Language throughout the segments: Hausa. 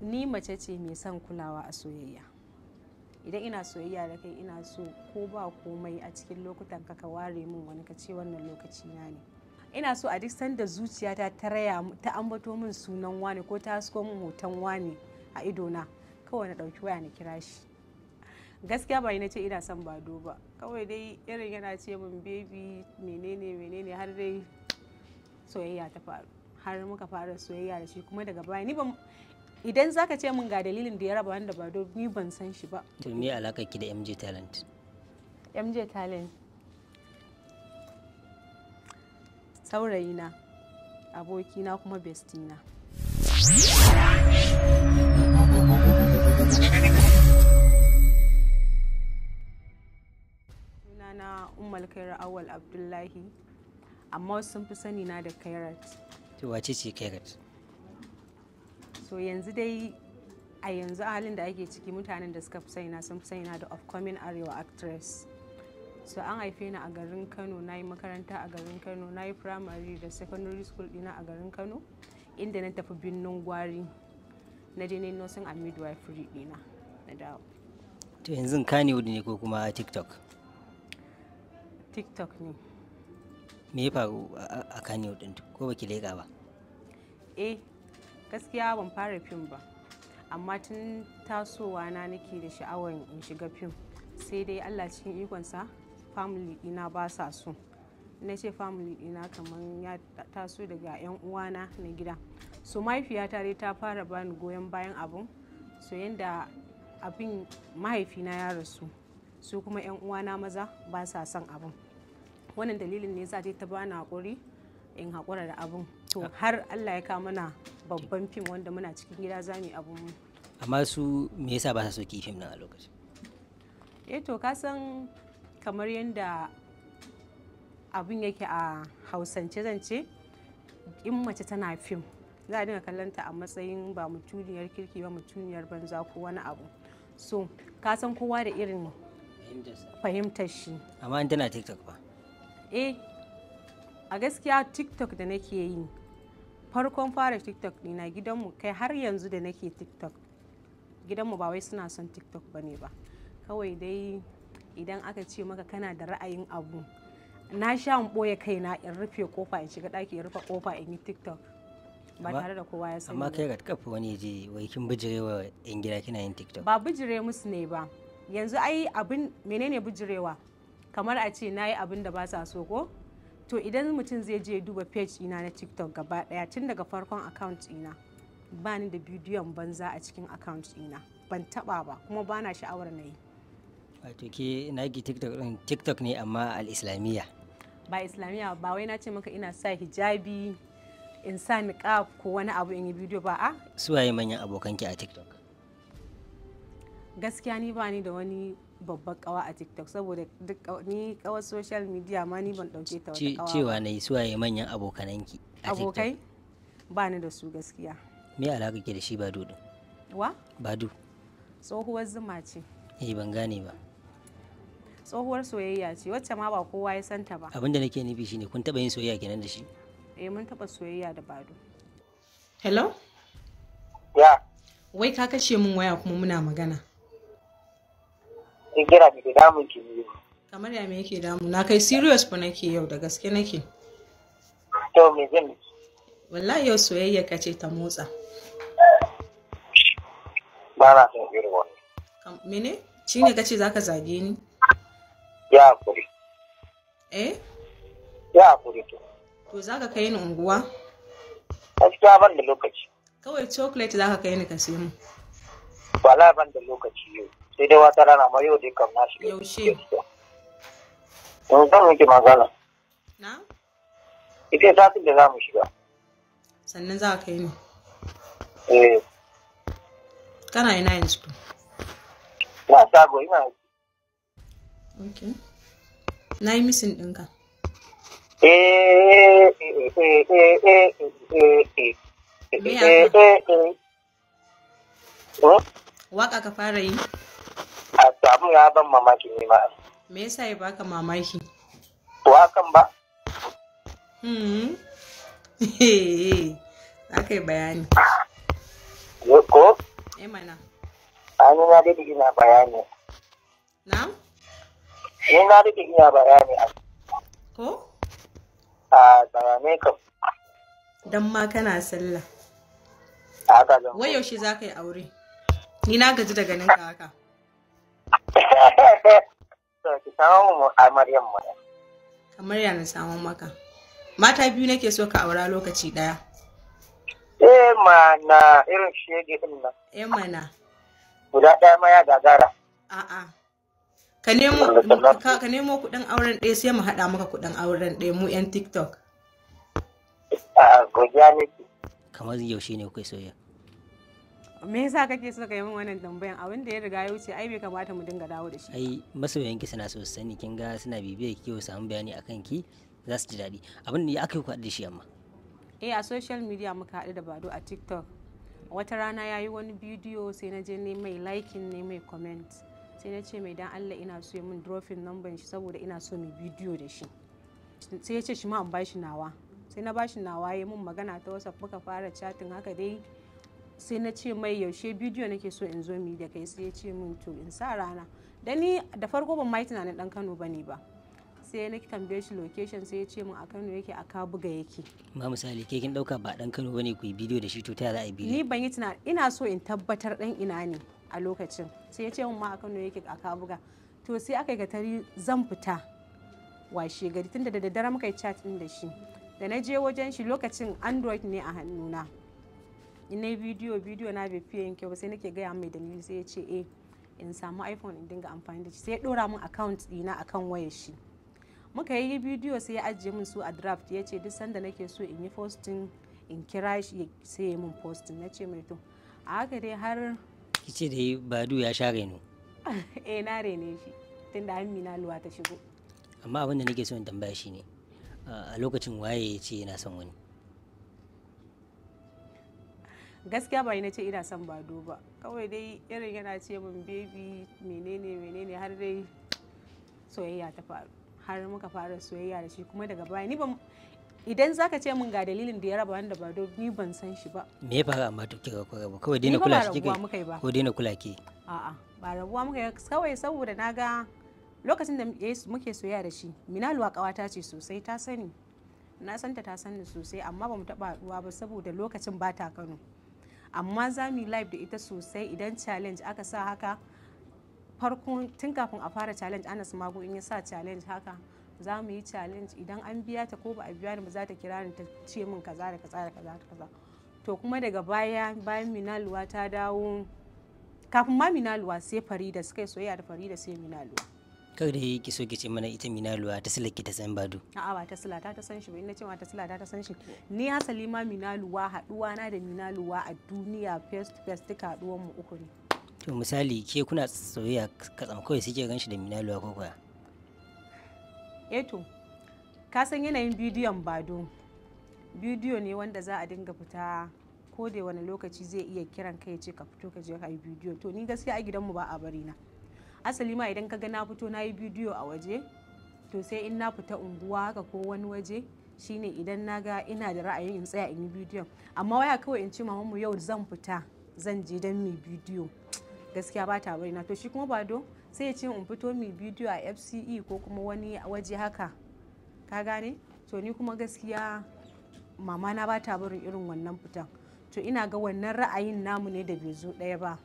ni mace ce mai son kulawa a soyayya idan ina soyayya da kai ina so ko ba komai a cikin lokutan ka ware min wani ka ce wannan lokaci na ne ina so a duk sanda zuciyata ta raya ta ambato min sunan wani ko ta hasko min hoton wani a idona kawai na ɗauki waya na kira shi gaskiya ba na ce ina son bado ba kawai dai irin yana ce min baby menene menene har dai soyayya ta faru har muka fara soyayya da shi kuma daga baya ni idan zaka ce min ga dalilin da ya raba wanda ba do ni ban san shi ba to me alaka ki da MJ Talent MJ Talent saurayina na kuma bestina sunana umar kaira awal abdullahi amma sun fi sani na da kairat to wace ce kairat so yanzu dai a yanzu halin da ake ciki mutanen da suka fi saina sun fi saina da upcoming arewa actress so an haife ni a garin kano na yi makaranta a garin kano na yi primary da secondary school dina a garin kano inda na tafi binnin gwari na je ne nursing and midwifery dina na dawo to yanzu kanewood ne ko kuma tiktok tiktok ne me ya faru a kanewood din ko baki leka ba eh gaskiya ban fara fim ba amma tun tasowa na nake da sha'awar in shiga fim sai dai allah cikin ikonsa family ɗina ba sa so na ce family ɗina kamar ya taso daga 'yan uwana na gida so mahaifiyata dai ta fara bani goyon bayan abin so yadda abin mahaifina ya rasu su kuma 'yan uwana maza ba sa son abin wannan dalilin ne za ta bani haƙuri in haƙura da abin to har Allah ya kawo mana babban fim wanda muna cikin gida za mu abun amma su me yasa ba sa so ki fim nan a lokacin eh to ka san kamar yadda abin yake a hausance zan ce in mace tana fim za a dinga kallon ta a matsayin ba mutuniyar kirki ba mutuniyar banza ko wani abu so ka san kowa da irin fahimtar shi amma in tana tiktok ba eh a gaskiya tiktok da nake yi farkon fara tiktok dina gidanmu kai har yanzu da nake tiktok gidanmu ba wai suna son tiktok ba ne ba kawai dai idan aka ce maka kana da ra'ayin abu na sha in ɓoye kaina in rufe kofa in shiga ɗaki in rufe kofa in yi tiktok ba tare da kowa ya sani amma kai ga kafa wani je wai kin bijire wa yan gida kina yin tiktok ba bijire musu ne ba yanzu ai abin menene bijirewa kamar a ce na yi abin da ba sa so ko to idan mutum zai je duba page ina na tiktok gaba daya tun daga farkon account ina ba ni da bidiyon banza a cikin account ina ban taba ba kuma ba na sha'awar na yi wato ke tiktok din tiktok ne amma al ba islamiyya ba wai na ce maka ina sa hijabi in sa niqab ko wani abu in yi bidiyo ba a waye manyan abokanki a tiktok gaskiya ni ba ni da wani babbar kawa a tiktok saboda duk ni kawar social media ma ni ban dauke ta wata kawa cewa na yi suwaye manyan abokananki a tiktok abokai ba ni da su gaskiya me alaka ke da shi badu din wa badu tsohuwar zuma ce eh ban gane ba tsohuwar soyayya ce wacce ma ba kowa ya santa ba abinda nake nufi shine kun taba yin soyayya kenan da shi eh mun taba soyayya da badu. hello ya wai ka kashe min waya kuma muna magana gira da damun ki ne kamar ya me yake damu na kai serious fa nake yau da gaske nake to me zan wallahi yau soyayya ka ce ta motsa ba na son irin wannan mene shine kace zaka zage ni ya kuri eh ya kuri to to zaka kai ni unguwa gaskiya ban da lokaci kawai chocolate zaka kai ni ka sayo mu wala ban da lokaci yau sai dai wata rana ma yau dai kam na shiga yaushe don zan miki magana na ita satin da za mu shiga sannan za ka yi ne eh kana ina yanzu na sago ina yanzu na yi misin ɗinka eh eh eh eh eh eh eh eh eh eh, eh, eh. Hmm? Waka ka fara yi? abin ya ban mamaki ne ma me yasa ya baka mamaki wakan ba hmm. aka yi bayani ko eh mana an na dade ina bayani na ni na dade ina bayani ko a bayanai kam dan ma kana sallah wai yaushe za ka yi aure ni na gaji daga nan ka haka a kamar yana samun maka mata biyu nake so ka aura lokaci daya eh mana irin shege din nan eh mana guda daya ma ya gagara a'a ka nemo ka nemo kudin auren ɗaya sai mu haɗa maka kudin auren ɗaya mu yan tiktok a ah, godiya nake kamar yaushe ne kuka soyayya me yasa kake so ka yi min wannan tambayan abin da ya riga ya wuce ai bai kamata mu dinga dawo da shi ai ki suna so su sani kin ga suna bibiyar ki ko samu bayani akan ki za su ji daɗi abin da ya aka yi ku da shi amma eh a social media muka haɗu da bado a tiktok wata rana ya yi wani bidiyo sai na je ne mai liking ne mai comment sai na ce mai dan allah ina so ya min dropping number shi saboda ina so mai bidiyo da shi sai ya ce shi ma an bashi nawa sai na ba shi nawa ya mun magana ta wasa muka fara chatting haka dai sai na ce mai yaushe bidiyo nake so in zo mi da kai sai ya ce min to in sa rana da ni da farko ban mai tunanin dan Kano bane ba sai na tambaye shi location sai ya ce min a Kano yake a Kabuga yake ma misali ke kin dauka ba dan Kano bane ku yi bidiyo da shi to ta za a yi bidiyo ni ban yi tunanin ina so in tabbatar dan ina ne a lokacin sai ya ce min ma a Kano yake a Kabuga to sai aka yi gatari zan fita washe gari tunda da daddare muka yi chat din da shi da na je wajen shi lokacin android ne a hannuna in na bidiyo bidiyo na bai fiye yin ba sai nake gaya mai dalili sai ya ce eh in samu iphone in dinga amfani da shi sai ya dora mun account dina akan wayar shi muka yi bidiyo sai ya ajiye mun su a draft ya ce duk sanda nake so in yi posting in kira shi sai ya min posting na ce mai to a haka dai har kice da badu ya sha reno eh na rene shi tunda amina luwa ta shigo amma abin da nake so in tambaya shine a lokacin waye ya ce yana son wani gaskiya ba na ce ina son bado ba kawai dai irin yana ce min baby menene menene har dai soyayya ta faru har muka fara soyayya da shi kuma daga baya ni ban idan zaka ce min ga dalilin da ya raba wanda ba ni ban san shi ba me ba amma to kika ba kawai dai na kula shi kike ko dai na kula ke a ba rabuwa muka kawai saboda naga lokacin da muke soyayya da shi minalu ta ce sosai ta sani na santa ta sani sosai amma bamu taba ruwa ba saboda lokacin ba ta Kano amma za mu yi live da ita sosai idan challenge aka sa haka farkon tun kafin a fara challenge anas mago in ya sa challenge haka za mu yi challenge idan an biya ta ko ba a biya ni ba za ta kira ni ta ce min kaza da kaza da kaza da kaza to kuma daga baya bayan minaluwa ta dawo kafin ma minaluwa sai farida suka yi soyayya da farida sai minaluwa kawai da ki so ke ce mana ita minaluwa ta sila ke ta san badu a'a ba ta sila ta ta san shi ba ina ce ma ta sila ta ta san shi ni hasali ma minaluwa haduwa na da minaluwa a duniya first first duka haduwan mu uku ne to misali ke kuna soyayya ka tsama kawai sai ke ganshi da minaluwa ko kuwa eh to ka san yanayin bidiyon bado bidiyo ne wanda za a dinga fita ko da wani lokaci zai iya kiran kai ce ka fito ka je ka yi bidiyo to ni gaskiya a gidanmu ba a bari na asali ma idan kaga na fito na yi bidiyo a waje to sai in na fita unguwa haka ko wani waje shine idan na ga ina da ra'ayi in tsaya in yi bidiyon amma waya kawai in ci mamanmu yau zan fita zan je don mai bidiyo gaskiya ba ta bari na to shi kuma ba do sai ya ce in fito mai bidiyo a fce ko kuma wani waje haka ka gane to ni kuma gaskiya mama na ba ta barin irin wannan fitan to ina ga wannan ra'ayin namu ne da bai zo ɗaya ba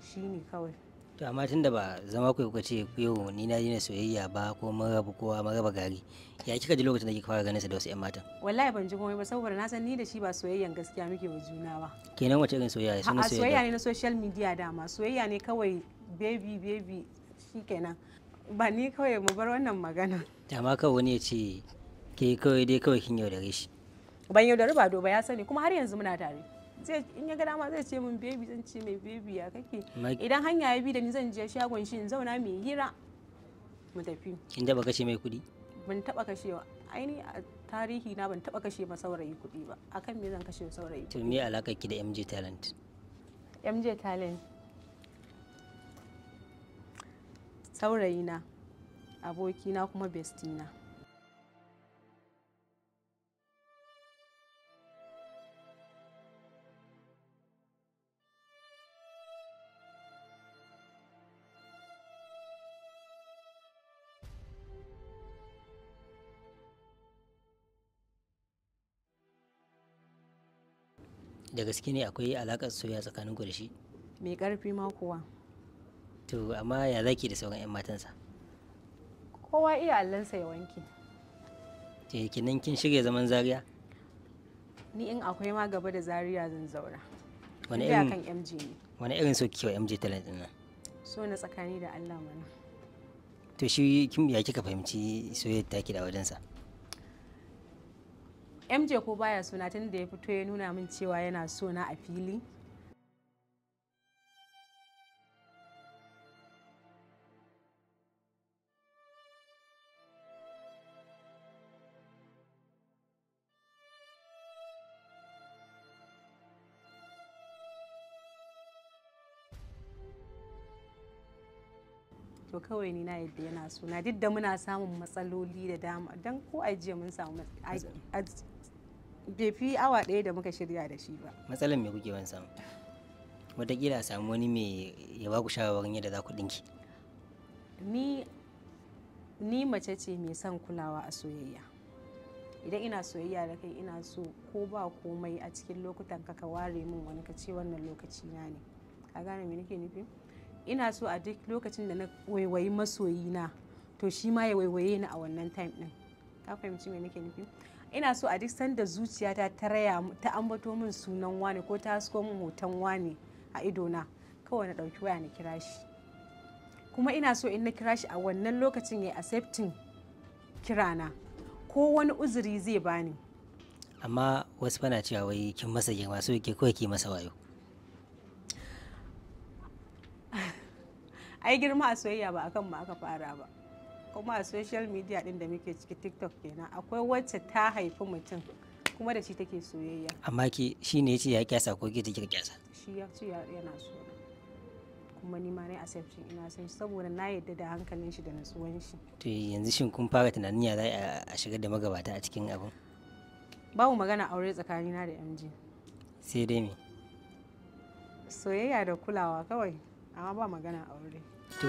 shine kawai to amma tun da ba zama ku kuka ce yau ni na na soyayya ba ko mun rabu kowa mun raba gari ya kika ji lokacin da kika fara ganin sa da wasu 'yan matan wallahi ban ji komai ba saboda na san ni da shi ba soyayyan gaskiya muke wa juna ba kenan wace irin soyayya suna soyayya soyayya ne na social media dama soyayya ne kawai baby baby shikenan ba ni kawai mu bar wannan magana dama kawai wani ya ce ke kawai dai kawai kin yaudare shi ban yaudare ba do ba ya sani kuma har yanzu muna tare in ya ga dama zai ce min baby zan ce mai baby ya kake idan hanya ya bi da ni zan je shagon shi in zauna mai hira mu tafi kin taba kashe mai kuɗi ban taba kashewa aini a tarihi na ban taba kashe ma saurayi kuɗi ba akan me zan kashe saurayi to me alaka ki da MJ talent MJ talent saurayi na abokina kuma bestina da gaske ne akwai alakar soyayya tsakanin ku da shi mai karfi ma kuwa to amma ya zaki da sauran yan matansa kowa iya allansa ya wanke ke nan kin shirya zaman zaria ni in akwai ma gaba da zaria zan zaura wani irin kan M.G ne wani irin so kiwa mg talent din nan so na tsakani da Allah mana to shi ya kika fahimci soyayya take da wajensa MJ ko baya suna tun da ya fito ya nuna min cewa yana sona a fili to kawai ni na yadda yana suna duk da muna samun matsaloli da dama don ko ajiye mun samu bai fi awa ɗaya da muka shirya da shi ba matsalar me kuke wani samu wataƙila a samu wani mai ya ba ku shawarwarin yadda za ku ɗinki ni ni mace ce mai son kulawa a soyayya idan ina soyayya da kai ina so ko ba komai a cikin lokutan ka ware min wani ka ce wannan lokaci na ne ka gane me nake nufi ina so a duk lokacin da na waiwayi masoyina to shi ma ya waiwaye ni a wannan time din ka fahimci me nake nufi ina so a duk sanda zuciyata ta raya ta ambato min sunan wani ko ta hasko min hoton wani a idona kawai na ɗauki waya na kira shi kuma ina so in na kira shi a wannan lokacin ya accepting kirana ko wani uzuri zai bani amma wasu fana cewa wai kin masa girma so yake kawai ki masa wayo ai girma a soyayya ba akan ma aka fara ba kuma a social media din da muke ciki tiktok kenan akwai wacce ta haifi mutum kuma da shi take soyayya amma ki shi ne yace ya kyasa ko ki take kyasa shi ya ce yana so kuma ni ma na accepting ina san saboda na yadda da hankalin shi da natsuwan shi to yanzu shin kun fara tunanin ya za a shigar da magabata a cikin abin babu magana aure tsakanina da mg sai dai me soyayya da kulawa kawai amma ba magana aure to